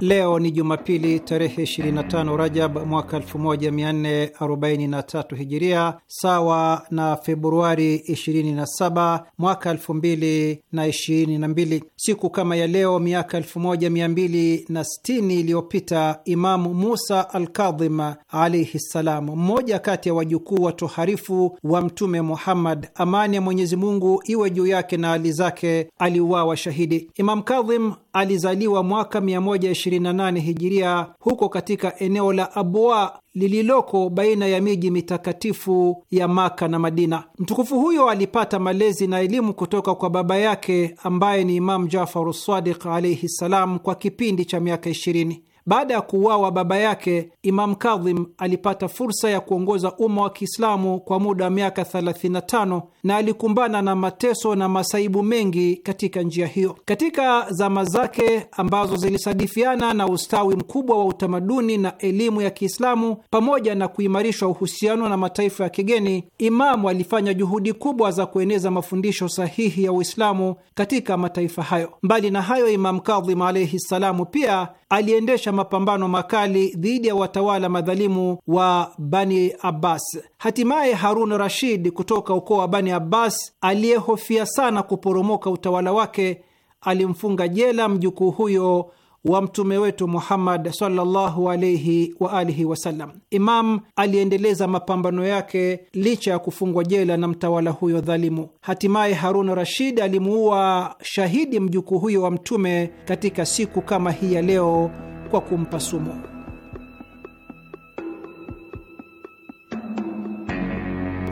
Leo ni Jumapili tarehe 25 Rajab mwaka 1443 Hijiria, sawa na Februari 27 mwaka 2022. Siku kama ya leo miaka 1260 iliyopita, Imamu Musa Alkadhim alaihi ssalam, mmoja kati ya wajukuu watoharifu wa Mtume Muhammad, amani ya Mwenyezi Mungu iwe juu yake na hali zake, aliuawa shahidi. Imam Kadhim alizaliwa mwaka 128 hijiria huko katika eneo la Abua lililoko baina ya miji mitakatifu ya Maka na Madina. Mtukufu huyo alipata malezi na elimu kutoka kwa baba yake ambaye ni Imamu Jafaru Sadiq alaihi ssalam kwa kipindi cha miaka 20. Baada ya kuuawa baba yake, Imam Kadhim alipata fursa ya kuongoza umma wa Kiislamu kwa muda wa miaka 35 na alikumbana na mateso na masaibu mengi katika njia hiyo. Katika zama zake ambazo zilisadifiana na ustawi mkubwa wa utamaduni na elimu ya Kiislamu pamoja na kuimarisha uhusiano na mataifa ya kigeni, Imamu alifanya juhudi kubwa za kueneza mafundisho sahihi ya Uislamu katika mataifa hayo. Mbali na hayo, Imam Kadhim alaihi ssalamu pia aliendesha mapambano makali dhidi ya watawala madhalimu wa Bani Abbas. Hatimaye Harun Rashid kutoka ukoo wa Bani Abbas, aliyehofia sana kuporomoka utawala wake, alimfunga jela mjukuu huyo wa mtume wetu Muhammad sallallahu wa alihi wasallam. Imam aliendeleza mapambano yake licha ya kufungwa jela na mtawala huyo dhalimu. Hatimaye Harun Rashid alimuua shahidi mjukuu huyo wa mtume katika siku kama hii ya leo kwa kumpa sumu.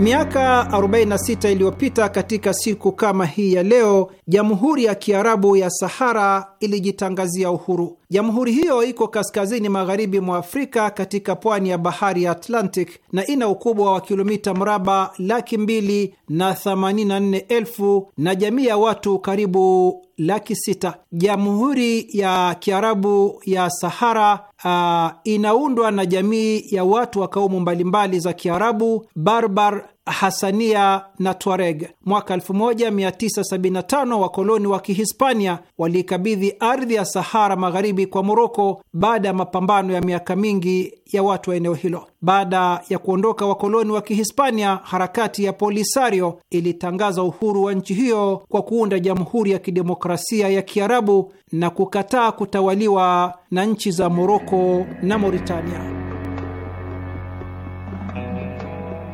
Miaka 46 iliyopita katika siku kama hii ya leo, Jamhuri ya Kiarabu ya Sahara ilijitangazia uhuru. Jamhuri hiyo iko kaskazini magharibi mwa Afrika katika pwani ya bahari ya Atlantic na ina ukubwa wa kilomita mraba laki mbili na themanini na nne elfu na jamii ya watu karibu laki sita. Jamhuri ya Kiarabu ya Sahara uh, inaundwa na jamii ya watu wa kaumu mbalimbali za Kiarabu, Barbar Hasania na Tuareg. Mwaka 1975 wakoloni wa Kihispania waliikabidhi ardhi ya Sahara Magharibi kwa Moroko baada ya mapambano ya miaka mingi ya watu wa eneo hilo. Baada ya kuondoka wakoloni wa Kihispania, harakati ya Polisario ilitangaza uhuru wa nchi hiyo kwa kuunda Jamhuri ya Kidemokrasia ya Kiarabu na kukataa kutawaliwa na nchi za Moroko na Mauritania.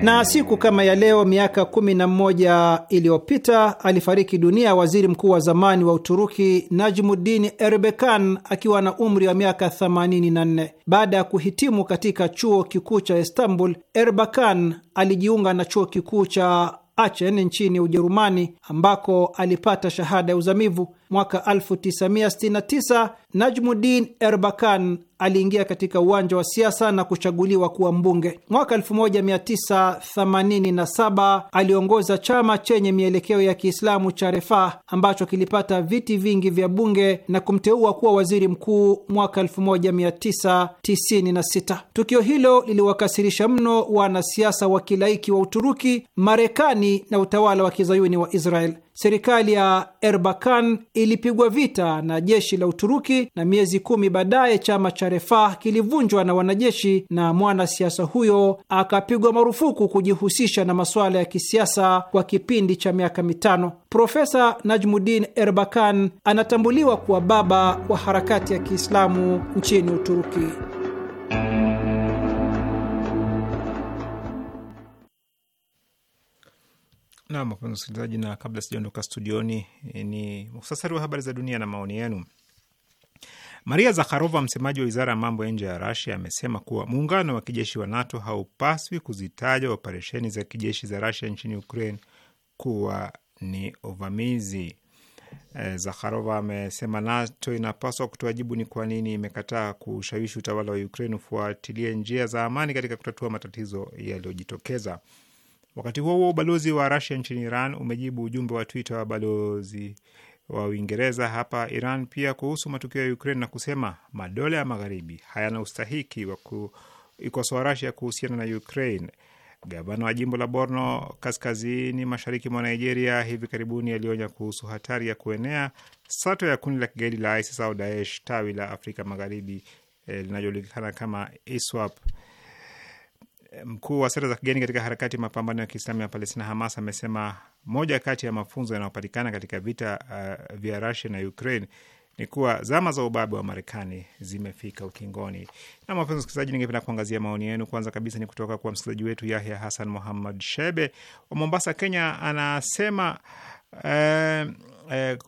Na siku kama ya leo miaka kumi na mmoja iliyopita alifariki dunia waziri mkuu wa zamani wa Uturuki Najmuddin Erbekan akiwa na umri wa miaka 84. Baada ya kuhitimu katika chuo kikuu cha Istanbul, Erbakan alijiunga na chuo kikuu cha Aachen nchini Ujerumani ambako alipata shahada ya uzamivu mwaka 1969 Najmudin Erbakan aliingia katika uwanja wa siasa na kuchaguliwa kuwa mbunge. Mwaka 1987 aliongoza chama chenye mielekeo ya Kiislamu cha Refah ambacho kilipata viti vingi vya bunge na kumteua kuwa waziri mkuu mwaka 1996. Tukio hilo liliwakasirisha mno wanasiasa wa kilaiki wa Uturuki, Marekani na utawala wa kizayuni wa Israel serikali ya Erbakan ilipigwa vita na jeshi la Uturuki na miezi kumi baadaye chama cha Refah kilivunjwa na wanajeshi na mwanasiasa huyo akapigwa marufuku kujihusisha na masuala ya kisiasa kwa kipindi cha miaka mitano. Profesa Najmudin Erbakan anatambuliwa kuwa baba wa harakati ya Kiislamu nchini Uturuki. Nam, wapenzi wasikilizaji, na kabla sijaondoka studioni, eh, ni muhtasari wa habari za dunia na maoni yenu. Maria Zakharova, msemaji wa wizara ya mambo ya nje ya Rasia, amesema kuwa muungano wa kijeshi wa NATO haupaswi kuzitaja operesheni za kijeshi za Rasia nchini Ukraine kuwa ni uvamizi. Eh, Zakharova amesema NATO inapaswa kutoa jibu ni kwa nini imekataa kushawishi utawala wa Ukraine ufuatilie njia za amani katika kutatua matatizo yaliyojitokeza. Wakati huo huo, ubalozi wa Rusia nchini Iran umejibu ujumbe wa Twitter wa balozi wa Uingereza hapa Iran pia kuhusu matukio ya Ukraine na kusema madola ya magharibi hayana ustahiki wa kuikosoa rasia kuhusiana na Ukraine. Gavana wa jimbo la Borno kaskazini mashariki mwa Nigeria hivi karibuni alionya kuhusu hatari ya kuenea sato ya kundi la kigaidi la ISIS au Daesh tawi la Afrika Magharibi linayojulikana eh, kama ISWAP mkuu wa sera za kigeni katika harakati ya mapambano ya Kiislamu ya Palestina, Hamas, amesema moja kati ya mafunzo yanayopatikana katika vita uh, vya Rusia na Ukraine ni kuwa zama za ubabe wa Marekani zimefika ukingoni. Na mapenzi msikilizaji, ningependa kuangazia maoni yenu. Kwanza kabisa ni kutoka kwa msikilizaji wetu Yahya Hassan Muhammad Shebe wa Mombasa, Kenya. Anasema eh, eh,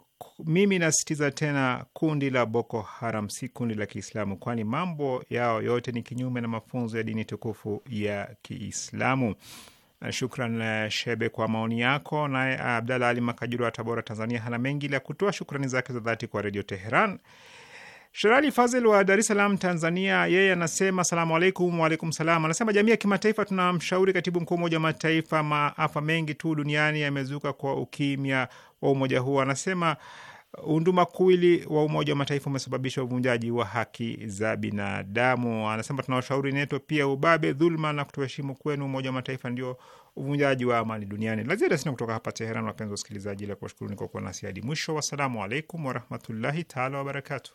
mimi nasisitiza tena, kundi la Boko Haram si kundi la Kiislamu, kwani mambo yao yote ni kinyume na mafunzo ya dini tukufu ya Kiislamu. Shukran eh, Shebe kwa maoni yako. Naye eh, Abdalla Ali Makajuru wa Tabora, Tanzania, hana mengi la kutoa shukrani zake za dhati kwa Redio Teheran Sherali Fazel wa Dar es Salaam, Tanzania, yeye anasema salamu alaikum. Waalaikum salam. Anasema jamii ya kimataifa, tunamshauri katibu mkuu wa Umoja wa Mataifa, maafa mengi tu duniani yamezuka kwa ukimya wa umoja huo. Anasema undumakuwili wa Umoja wa Mataifa umesababisha uvunjaji wa haki za binadamu. Anasema tunawashauri neto pia ubabe, dhuluma na kutoheshimu kwenu Umoja wa Mataifa ndio uvunjaji wa amani duniani. La ziada sina kutoka hapa Teheran, wapenzi wasikilizaji, ila kuwashukuruni kwa kuwa nasi hadi mwisho. Wassalamu alaikum warahmatullahi taala wabarakatuh.